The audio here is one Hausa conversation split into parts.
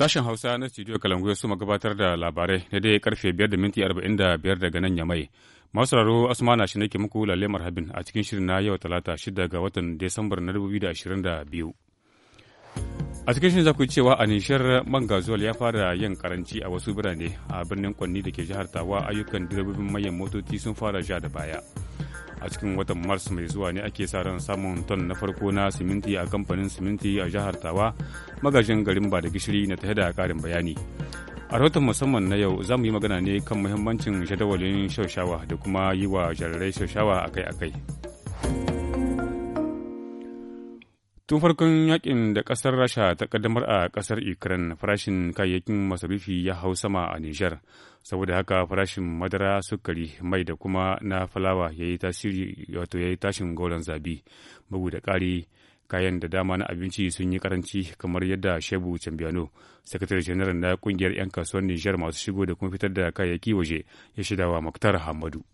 Sashen Hausa na Studio Kalangu su gabatar da labarai na dai karfe 5 da minti 45 daga nan ya mai Masu raro Asmana shi nake muku lalle marhabin a cikin shirin na yau Talata 6 ga watan Desambar na 2022. A cikin shirin za ku cewa a nishar man gazuwal ya fara yin karanci a wasu birane a birnin Kwanni da ke jihar Tawa ayyukan direbobin manyan motoci sun fara ja da baya. a cikin watan mars mai zuwa ne ake sa ran samun ton na farko na siminti a kamfanin siminti a jihar tawa magajin garin ba da gishiri na tahe da karin bayani a rahoton musamman na yau za mu yi magana ne kan muhimmancin jadawalin shaushawa da kuma yi wa jarirai shaushawa akai-akai. Tun farkon yakin da kasar Rasha ta kaddamar a kasar Ukraine farashin kayayyakin masarufi ya hau sama a niger Saboda haka farashin madara, sukari, mai da kuma na fulawa ya yi tasiri wato ya yi tashin goron zabi. Bugu da ƙari kayan da dama na abinci sun yi karanci kamar yadda Shebu Cambiano, sakatare janar na kungiyar 'yan kasuwar niger masu shigo da kuma fitar da kayayyaki waje ya wa Muktar Hamadu.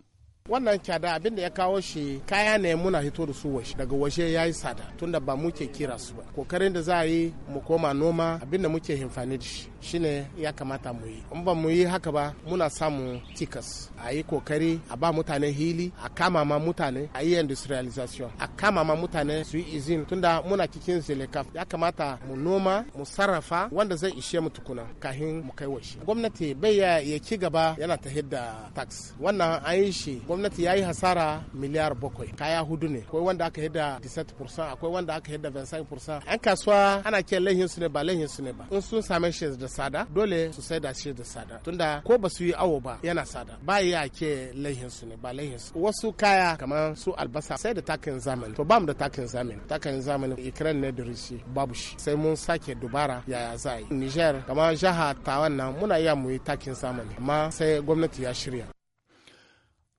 wannan kyada abin da ya kawo shi kaya ne muna hito da su washe daga washe ya yi sada tunda ba muke kira su ba kokarin da za a yi mu koma noma abin da muke himfani da shi shine ya kamata mu yi in ba mu yi haka ba muna samun tikas a yi kokari a ba mutane hili a kama ma mutane a yi industrialization a kama ma mutane su yi izin tunda muna cikin zelekaf ya kamata mu noma mu sarrafa wanda zai ishe mu tukuna kahin mu kai washe gwamnati bai ya ci gaba yana ta hidda tax wannan an yi shi gwamnati ya yi hasara miliyar bakwai kaya hudu ne akwai wanda aka hida 17% akwai wanda aka hida 25% an kasuwa ana kiyan laihin su ne ba laihin su ne ba in sun same shi da sada dole su sai da shi da sada tunda ko ba su yi awo ba yana sada ba ya ke laihin su ne ba laihin su wasu kaya kamar su albasa sai da takin zamani to ba mu da takin zamani takin zamani ikiran ne da rishi babu shi sai mun sake dubara yaya za a yi niger kamar jaha tawan nan muna iya mu yi takin zamani amma sai gwamnati ya shirya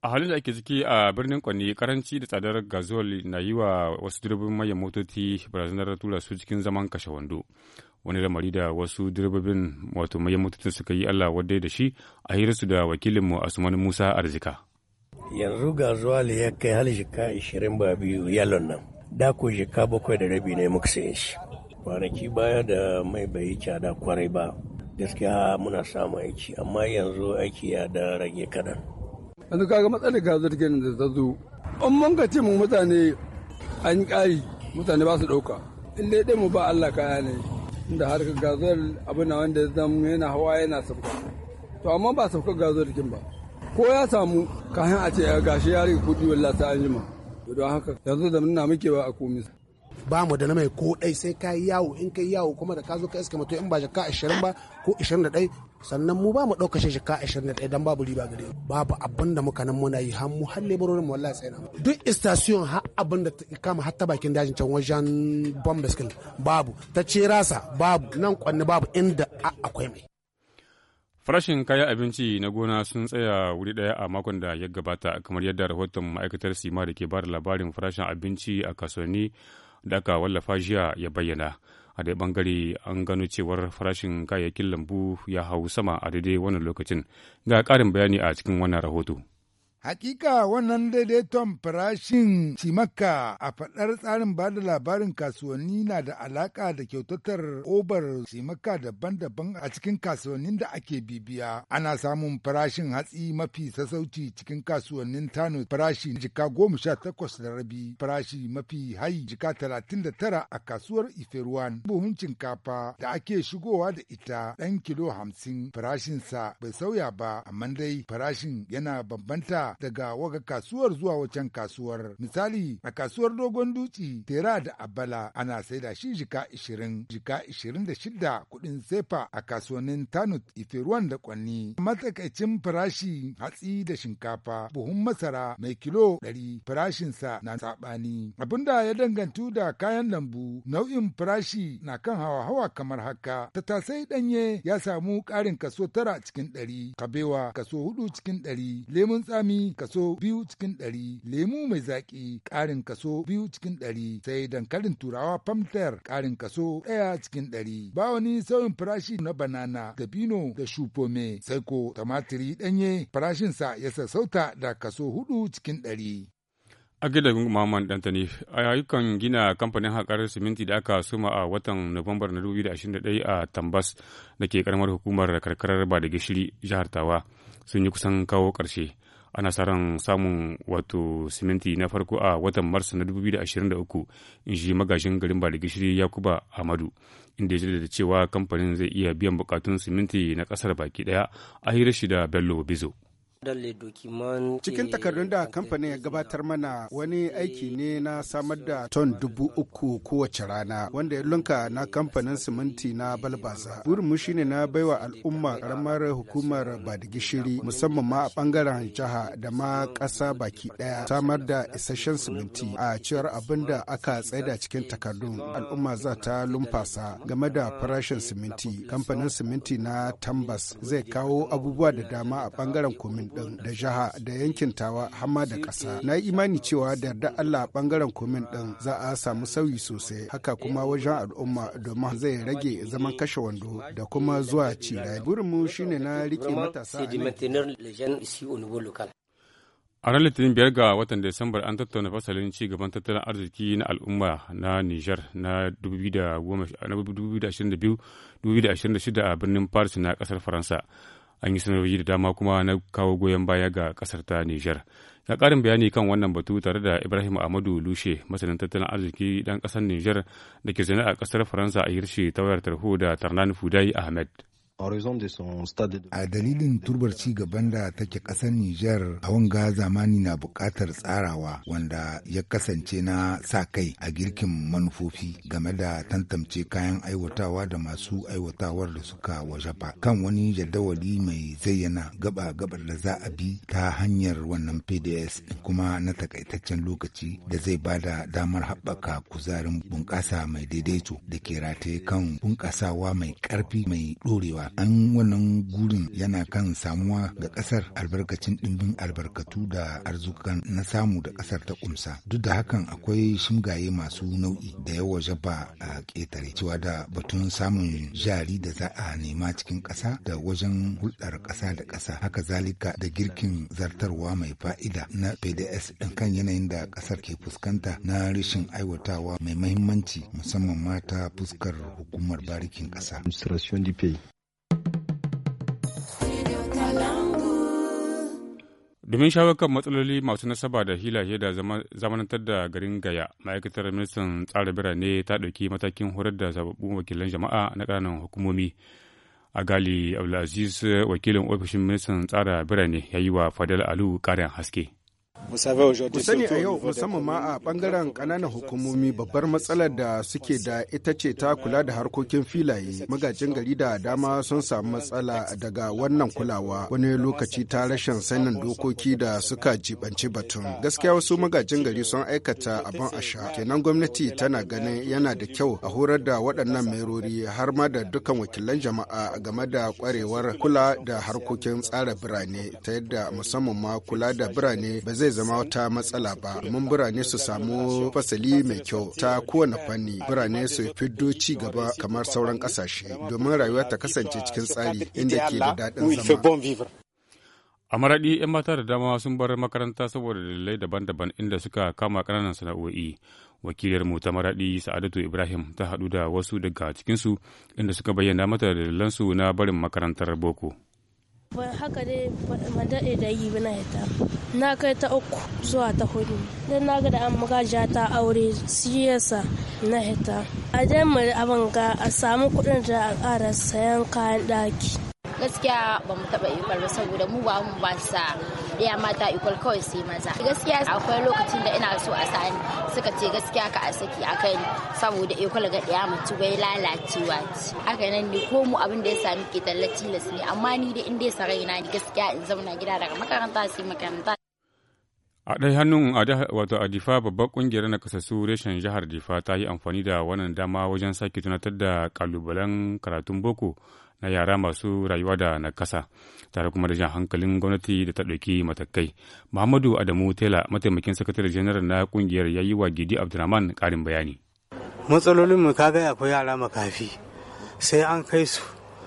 a halin da ake ciki a birnin kwanni karanci da tsadar gazol na yi wa wasu direbobin manyan motoci barazanar tura su cikin zaman kashe wando wani lamari da wasu direbobin wato manyan motocin suka yi allah wadda da shi a hirarsu da wakilinmu asuman musa arzika yanzu gazuwal ya kai hal jika ishirin ba biyu yalon nan da ko jika bakwai da rabi ne muka saye shi kwanaki baya da mai bai da kwarai ba gaskiya muna samun aiki amma yanzu aiki ya da rage kadan yanzu kaga matsalar ga zargin da zazu an in mun ka ce mu mutane an kai mutane ba su ɗauka in dai mu ba Allah kaya ne inda harkar gazal abu na wanda ya zama yana hawa yana sauka to amma ba sauka gazar jikin ba ko ya samu kayan a ce gashi ya rage kuɗi wallahi ta anjima. to don haka yanzu da muna muke ba a komai. ba mu da na mai ko dai sai ka yi yawo in ka yi yawo kuma da ka zo ka iska mutum in ba jaka 20 ba ko 21 sannan mu ba mu ɗaukar shi jaka 21 da don babu riba gare babu abin da muka nan muna yi har mu halle barorin mu wallahi mu duk istasiyon har abin da kama har ta bakin dajin can wajen bombaskin babu ta ce rasa babu nan kwanne babu inda akwai mai Farashin kayan abinci na gona sun tsaya wuri daya a makon da ya gabata kamar yadda rahoton ma'aikatar sima da ke ba da labarin farashin abinci a kasuwanni da aka wallafa jiya ya bayyana a dai bangare an gano cewar farashin kayayyakin lambu ya hau sama a daidai wannan lokacin ga ƙarin bayani a cikin wannan rahoto. Hakika wannan daidaiton farashin cimaka a faɗar tsarin ba da labarin kasuwanni na da alaƙa da kyautatar obar cimaka daban-daban a cikin kasuwannin da ake bibiya. Ana samun farashin hatsi mafi sassauci cikin kasuwannin Tano farashi jika goma sha takwas da rabi farashi mafi hayi jika talatin da tara a kasuwar Iferuwan. Buhun shinkafa da ake shigowa da ita ɗan kilo hamsin farashinsa bai sauya ba amma dai farashin yana bambanta daga waga kasuwar zuwa wacan kasuwar. Misali a kasuwar dogon dutse tera da abala ana saida shi jika ishirin jika ishirin da shida kuɗin sefa a kasuwannin tanut ifiruwan da kwanni. Matsakaicin farashi hatsi da shinkafa buhun masara mai kilo 100, farashinsa na saɓani. Abinda ya dangantu da kayan lambu nau'in farashi na kan hawa-hawa kamar haka. Tatasai danye. ya samu karin kaso tara cikin ɗari, kabewa kaso hudu cikin ɗari, lemun tsami kaso biyu cikin ɗari lemu mai zaƙi ƙarin kaso biyu cikin ɗari sai dankalin turawa famtar ƙarin kaso ɗaya cikin ɗari ba wani sauyin farashi na banana dabino da shufome sai ko tumatiri ɗanye farashinsa ya sassauta da kaso hudu cikin ɗari. a gidan Muhammad Dantani a ayyukan gina kamfanin haƙar siminti da aka suma a watan Nuwambar na 2021 a Tambas da ke karamar hukumar karkarar ba da gishiri jihar Tawa sun yi kusan kawo ƙarshe. ana sa samun wato siminti na farko a watan mars na 2023 in shi magashin garin ba gishiri yakuba amadu inda ya jaddada cewa kamfanin zai iya biyan bukatun siminti na kasar baki daya a hirar shi da bello bizo Cikin takardun da kamfanin ya gabatar mana wani aiki ne na samar da ton dubu uku kowace rana wanda ya lunka na kamfanin siminti na balbasa. mu shine na baiwa al'umma karamar hukumar gishiri. musamman ma a bangaren jiha da ma ƙasa baki ɗaya samar da isasshen siminti a cewar abin da aka tsaida cikin takardun al'umma za ta lumfasa game da farashin siminti. Kamfanin siminti na Tambas zai kawo abubuwa da dama a bangaren komin da jiha da yankin tawa hama da ƙasa. Na yi imani cewa da yarda Allah bangaren komin ɗin za a samu sauyi sosai haka kuma wajen al'umma domin zai rage zaman kashe wando da kuma zuwa ci Burinmu shine na rike matasa a ranar Litinin biyar ga watan Disambar an tattauna fasalin ci gaban tattalin arziki na al'umma na niger na 2022-2026 a birnin Paris na kasar Faransa. an yi sanarwa da dama kuma na kawo goyon baya ga kasar ta nijar Na ƙarin bayani kan wannan batu tare da ibrahim ahmadu lushe masanin tattalin arziki ɗan ƙasar nijar da ke zane a ƙasar faransa a hirshe ta wayar tarho da tarnan fudai ahmed A dalilin turbar ci gaban da take ƙasar Nijar a wanga zamani na buƙatar tsarawa wanda ya kasance na sa kai a girkin manufofi game da tantance kayan aiwatawa da masu aiwatawar da suka wajafa kan wani jadawali mai zayyana gaba-gabar da za a bi ta hanyar wannan PDS kuma na takaitaccen lokaci da zai ba da damar haɓaka kuzarin bunƙasa mai daidaito da ke rataye kan bunƙasawa mai ƙarfi mai ɗorewa an wannan gurin yana kan samuwa ga ƙasar albarkacin ɗimbin albarkatu da arzukan na samu da ƙasar ta ƙumsa. Duk da hakan akwai shingaye masu nau'i da yawa jaba a ƙetare cewa da batun samun jari da za a nema cikin ƙasa da wajen hulɗar ƙasa da ƙasa haka zalika da girkin zartarwa mai fa'ida na PDS ɗin kan yanayin da ƙasar ke fuskanta na rashin aiwatawa mai mahimmanci musamman mata fuskar hukumar barikin ƙasa. domin shawo kan matsaloli masu nasaba da hilaye da zamanantar da garin gaya ma'aikatar ministan tsara birane ta ɗauki matakin horar da sababbin wakilan jama'a na ƙananan hukumomi a gali abdulaziz wakilin ofishin ministan tsara birane ya yi wa fadal alu ƙarin haske Ku sani a yau musamman ma a bangaren kananan hukumomi babbar matsalar da suke da ita ce ta kula da harkokin filaye magajin gari da dama sun samu matsala daga wannan kulawa wani lokaci ta rashin sanin dokoki da suka jibanci batun. Gaskiya wasu magajin gari sun aikata abin a sha kenan gwamnati tana ganin yana da kyau a horar da waɗannan merori har ma da dukkan wakilan jama'a game da kwarewar kula da harkokin tsara birane ta yadda musamman ma kula da birane ba zai zama wata matsala ba mun birane su samu fasali mai kyau ta kowane fanni birane su fiddo ci gaba kamar sauran kasashe domin rayuwa ta kasance cikin tsari inda ke da daɗin zama. a maraɗi 'yan mata da dama sun bar makaranta saboda dalilai daban-daban inda suka kama ƙananan sana'o'i wakiliyarmu ta maraɗi sa'adatu ibrahim ta haɗu da wasu daga cikinsu inda suka bayyana mata dalilansu na barin makarantar boko. haka dai ma daɗe da yi ba na na kai ta uku zuwa ta hudu dan na ga da an magaja ta aure siyasa na hita a dai mu abin a samu kuɗin da a ƙara sayan kayan ɗaki gaskiya ba mu taɓa ikwal ba saboda mu ba mu ba sa ya mata ikwal kawai sai maza gaskiya akwai lokacin da ina so a sani suka ce gaskiya ka a saki a kai saboda ikwal ga ɗaya mutu bai lalacewa ci haka nan ni ko mu abin da ya sami ke tallaci las ne amma ni da in dai sarai na gaskiya in zauna gida daga makaranta sai makaranta a ɗai hannun wato a difa babbar ƙungiyar na kasassu reshen jihar difa ta yi amfani da wannan dama wajen sake tunatar da kalubalen karatun boko na yara masu rayuwa da nakasa tare kuma da jan hankalin gwamnati da ta ɗauki matakai muhammadu adamu tela mataimakin sakatare janar na ƙungiyar ya yi wa gidi abdulrahman ƙarin bayani matsalolin mu kaga akwai yara makafi sai an kai su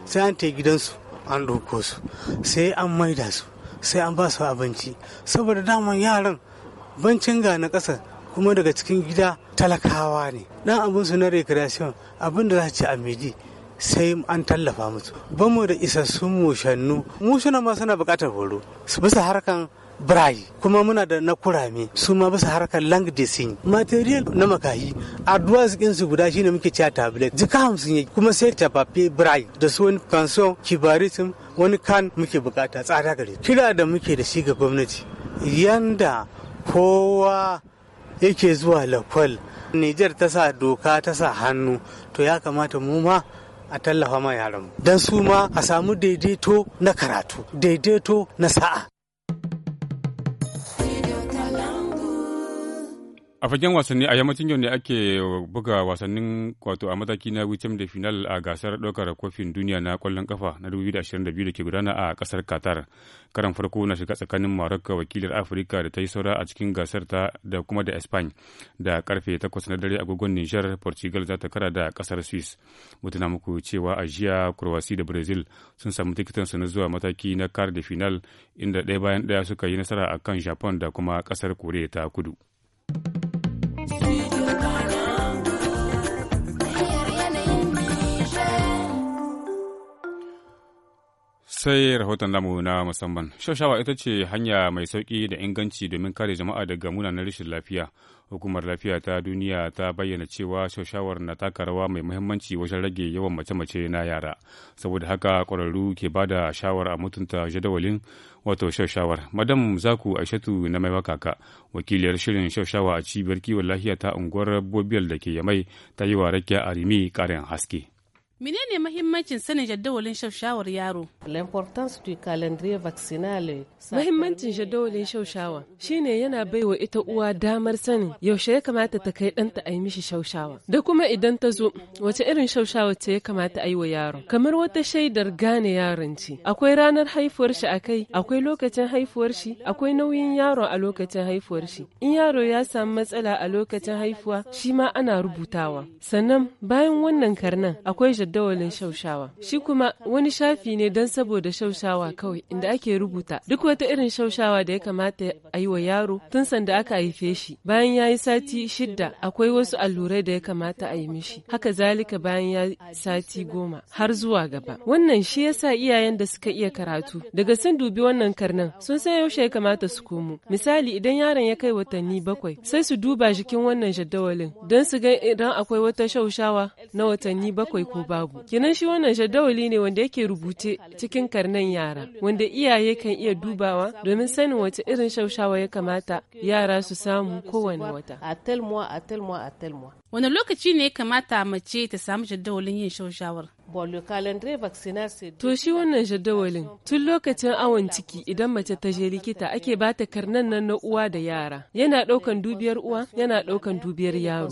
sai an ta gidansu an ɗauko su sai an maida su sai an ba su abinci saboda daman yaran bancin ga na ƙasa kuma daga cikin gida talakawa ne dan abin su na recreation abin da za ci a midi sai an tallafa musu ba mu da isassun mushannu mu suna ma suna buƙatar horo bisa harkan braille kuma muna da na kurame su ma bisa harkar lang design material na makahi advance din su guda shine muke cewa tablet jika hamsin yake kuma sai tafafe braille da su wani kanso kibaritum wani kan muke bukata tsada gare kira da muke da shi ga gwamnati yanda kowa yake zuwa lakwal Nijar ta sa doka ta sa hannu to ya kamata mu ma a tallafa ma yaran don su ma a samu daidaito na karatu daidaito na sa'a a fagen wasanni a yammacin yau ne ake buga wasannin wato a mataki na wicem da final a gasar ɗaukar kofin duniya na kwallon kafa na 2022 da ke gudana a kasar qatar karan farko na shiga tsakanin morocco wakilar afirka da ta yi saura a cikin gasar ta da kuma da espan da karfe 8 na dare agogon niger portugal za ta kara da kasar swiss mutuna muku cewa a jiya da brazil sun samu tikitan na zuwa mataki na kar da final inda ɗaya bayan ɗaya suka yi nasara a kan japan da kuma kasar korea ta kudu sai rahoton namu na musamman. shaushawa ita ce hanya mai sauki da inganci domin kare jama'a daga munanan rashin lafiya. Hukumar lafiya ta duniya ta bayyana cewa shaushawar na taka rawa mai muhimmanci wajen rage yawan mace-mace na yara. Saboda haka ƙwararru ke ba da shawar a mutunta jadawalin wato shaushawar Madam Zaku Aishatu na mai wakaka, wakiliyar shirin shaushawa a cibiyar kiwon lafiya ta unguwar Bobiyal da ke Yamai ta yi wa Rakiya Arimi ƙarin haske. Menene mahimmancin sanin jadawalin shawar yaro? Mahimmancin jadawalin shaushawa shine yana baiwa ita uwa damar sani. yaushe ya kamata ta kai ɗanta a yi mishi shaushawa. Da kuma idan ta zo, wace irin shaushawa ce ya kamata a yi wa yaro? Kamar wata shaidar gane yaron ce. Akwai ranar haifuwar shi a kai, akwai lokacin haifuwar shi, akwai nauyin yaro a lokacin haifuwar shi. In yaro ya samu matsala a lokacin haifuwa, shi ma ana rubutawa. Sannan bayan wannan karnan akwai jadawalin shaushawa. Shi kuma wani shafi ne don saboda shaushawa kawai inda ake rubuta duk wata irin shaushawa da ya kamata a yi wa yaro tun sanda aka haife shi. Bayan ya yi sati shidda akwai wasu allurai da ya kamata a yi mishi. Haka zalika bayan ya yi sati goma har zuwa gaba. Wannan shi ya sa iyayen da suka iya karatu daga sun dubi wannan karnan sun san yaushe ya kamata su komo. Misali idan yaron ya kai watanni bakwai sai su duba jikin wannan jadawalin don su ga idan akwai wata shaushawa na watanni bakwai ko ba babu kinan shi wannan jadawali ne wanda yake rubuce cikin karnan yara wanda iyaye kan iya dubawa domin sanin wace irin shaushawa ya kamata yara su samu kowane wata wani lokaci ne ya kamata mace ta samu jadawalin yin shaushawar To shi wannan jadawalin tun lokacin awon ciki idan mace ta je likita ake ba ta karnan nan na uwa da yara. Yana ɗaukan dubiyar uwa, yana ɗaukan dubiyar yaro.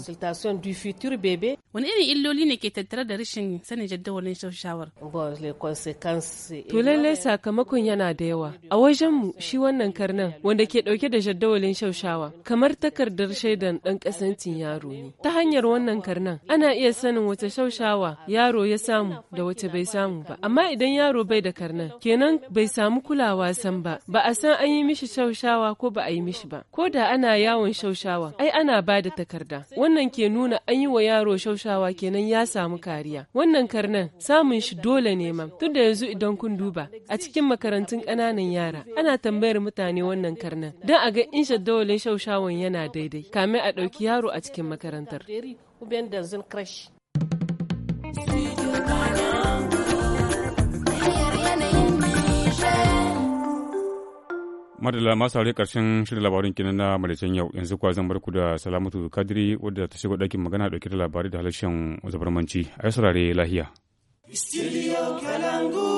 Wani irin illoli ne ke tattare da rashin sanin jadawalin shawar? To lallai sakamakon yana da yawa. A wajen wajenmu shi wannan karnan wanda ke ɗauke da jadawalin shaushawa kamar takardar shaidan ɗan kasancin yaro ne. Ta hanyar wannan karnan ana iya sanin wata shaushawa yaro ya samu samu mm, da wacce bai samu ba amma idan yaro bai da karnan kenan bai samu kulawa san ba ba a san an yi mishi shaushawa ko ba a yi mishi ba ko da ana yawon shaushawa ai ana ba da takarda wannan ke nuna an yi wa yaro shaushawa kenan ya samu kariya wannan karnan samun shi dole ne ma tun da yanzu idan kun duba a cikin makarantun ƙananan yara ana tambayar mutane wannan karnan don a ga in shaddawalin shaushawan yana daidai kamin a ɗauki yaro a cikin makarantar. madalla masu aure karshen shirin labarin kinan na maraicen yau yanzu kuwa zan bar ku da salamatu kadiri wadda ta shigo ɗakin magana dauke da labarai da halashen zabarmanci a yi saurare lahiya. Studio Kalangu.